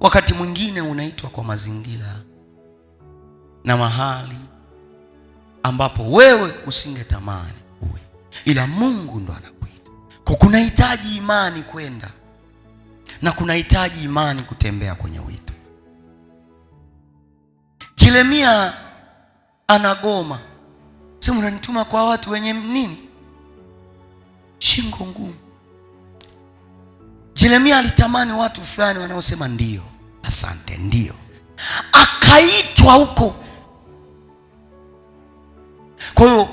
Wakati mwingine unaitwa kwa mazingira na mahali ambapo wewe usingetamani uwe, ila Mungu ndo anakuita. Kwa kunahitaji imani kwenda na kunahitaji imani kutembea kwenye wito. Yeremia anagoma, sema unanituma kwa watu wenye nini, shingo ngumu jeremia alitamani watu fulani wanaosema ndio, asante, ndio. Akaitwa huko. Kwa hiyo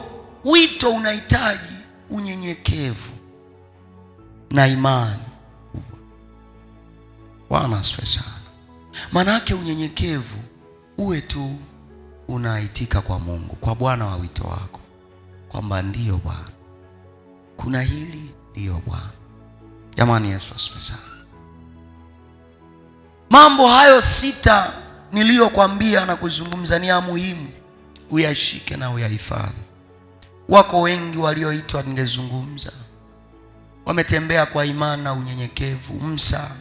wito unahitaji unyenyekevu na imani. Bwana asifiwe sana. yake unyenyekevu uwe tu unaitika kwa Mungu, kwa Bwana wa wito wako, kwamba ndiyo Bwana, kuna hili, ndiyo Bwana. Jamani, Yesu asifiwe sana. Mambo hayo sita niliyokwambia na kuzungumza ni ya muhimu, uyashike na uyahifadhi. Wako wengi walioitwa, ningezungumza, wametembea kwa imani na unyenyekevu. Musa,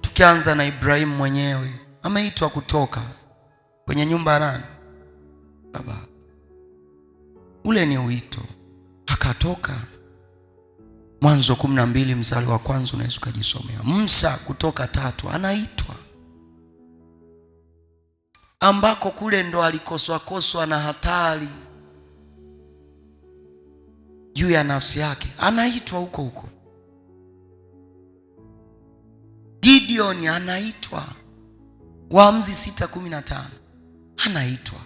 tukianza na Ibrahimu mwenyewe, ameitwa kutoka kwenye nyumba nani? Baba. Ule ni uito, akatoka Mwanzo kumi na mbili mstari wa kwanza unaweza ukajisomea. Musa kutoka tatu anaitwa ambako kule ndo alikoswakoswa na hatari juu ya nafsi yake, anaitwa huko huko. Gideon anaitwa, Waamuzi sita kumi na tano anaitwa.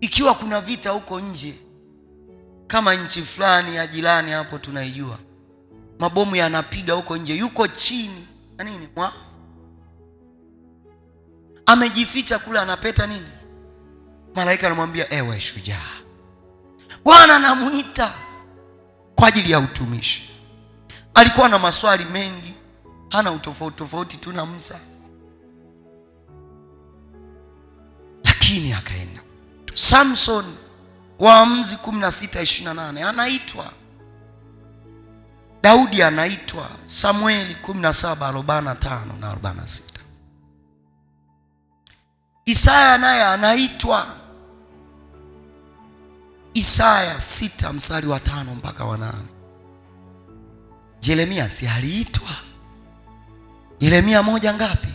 Ikiwa kuna vita huko nje kama nchi fulani ya jirani hapo tunaijua, mabomu yanapiga huko nje, yuko chini na nini mwa amejificha kule, anapeta nini. Malaika anamwambia ewe shujaa, Bwana anamuita kwa ajili ya utumishi. Alikuwa na maswali mengi, hana utofauti tofauti tu na Musa, lakini akaenda Samson Waamuzi 16:28 anaitwa Daudi, anaitwa Samueli 17:45 na 46. Isaya naye anaitwa Isaya 6 mstari wa t5 mpaka wa 8. Yeremia si aliitwa? Yeremia moja ngapi?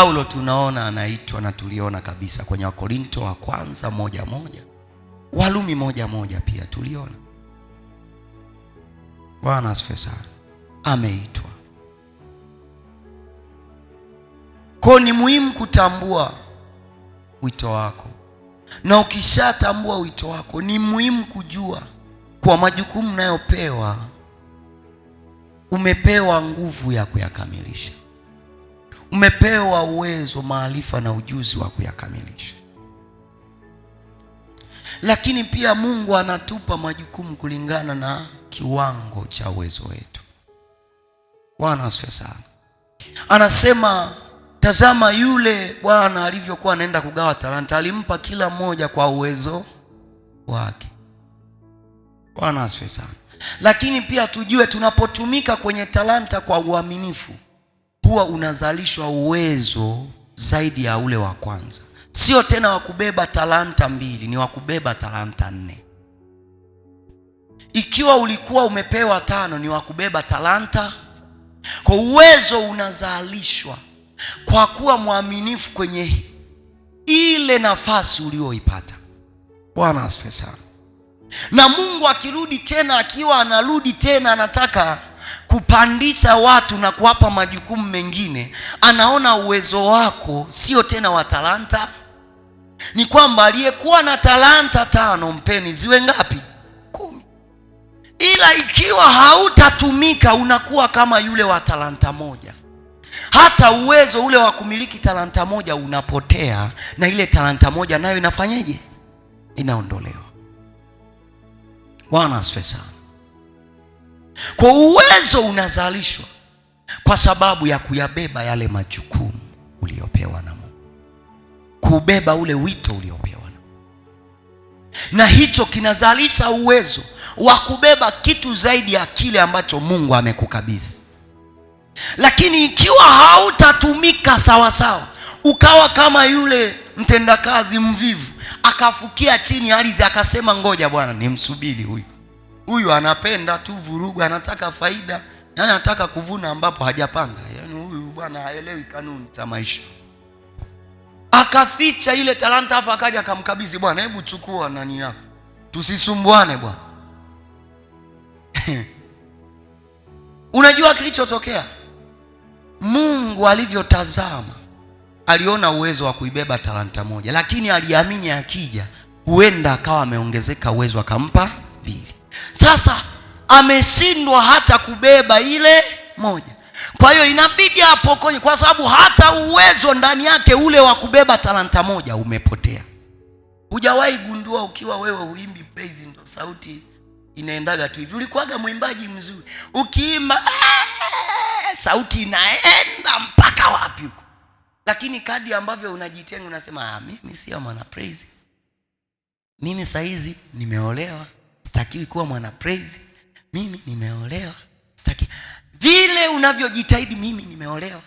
Paulo tunaona anaitwa na tuliona kabisa kwenye Wakorinto wa kwanza moja moja, Walumi moja moja pia tuliona. Bwana asifiwe sana, ameitwa kwa. Ni muhimu kutambua wito wako, na ukishatambua wito wako ni muhimu kujua kwa majukumu unayopewa umepewa nguvu ya kuyakamilisha. Umepewa uwezo, maarifa na ujuzi wa kuyakamilisha, lakini pia Mungu anatupa majukumu kulingana na kiwango cha uwezo wetu. Bwana asifiwe sana. Anasema, tazama yule bwana alivyokuwa anaenda kugawa talanta, alimpa kila mmoja kwa uwezo wake. Bwana asifiwe sana. Lakini pia tujue tunapotumika kwenye talanta kwa uaminifu huwa unazalishwa uwezo zaidi ya ule wa kwanza. Sio tena wa kubeba talanta mbili, ni wa kubeba talanta nne. Ikiwa ulikuwa umepewa tano, ni wa kubeba talanta. Kwa uwezo unazalishwa kwa kuwa mwaminifu kwenye ile nafasi ulioipata. Bwana asifiwe sana. Na Mungu akirudi tena, akiwa anarudi tena, anataka kupandisha watu na kuwapa majukumu mengine, anaona uwezo wako sio tena wa talanta. Ni kwamba aliyekuwa na talanta tano mpeni ziwe ngapi? Kumi. Ila ikiwa hautatumika unakuwa kama yule wa talanta moja hata uwezo ule wa kumiliki talanta moja unapotea, na ile talanta moja nayo inafanyeje? Inaondolewa. Bwana asifiwe sana. Kwa uwezo unazalishwa kwa sababu ya kuyabeba yale majukumu uliyopewa na Mungu, kubeba ule wito uliopewa na Mungu, na hicho kinazalisha uwezo wa kubeba kitu zaidi ya kile ambacho Mungu amekukabidhi. Lakini ikiwa hautatumika sawasawa, ukawa kama yule mtendakazi mvivu, akafukia chini ardhi, akasema ngoja bwana nimsubiri huyu Huyu anapenda tu vurugu, anataka faida, yani anataka kuvuna ambapo hajapanda. Yani huyu bwana haelewi kanuni za maisha. Akaficha ile talanta hapo, akaja akamkabidhi bwana, hebu chukua nani yako, tusisumbuane bwana. Unajua kilichotokea, Mungu alivyotazama aliona uwezo wa kuibeba talanta moja, lakini aliamini akija, huenda akawa ameongezeka uwezo, akampa mbili. Sasa ameshindwa hata kubeba ile moja, kwa hiyo inabidi apokonye, kwa sababu hata uwezo ndani yake ule wa kubeba talanta moja umepotea. Hujawahi gundua ukiwa wewe uimbi praise, ndo sauti inaendaga tu hivi. Ulikuwaga mwimbaji mzuri, ukiimba sauti inaenda mpaka wapi huko, lakini kadi ambavyo unajitenga unasema, ah, mimi sio mwana praise, mimi saizi nimeolewa sitakiwi kuwa mwana praise, mimi nimeolewa, sitaki. Vile unavyojitahidi mimi nimeolewa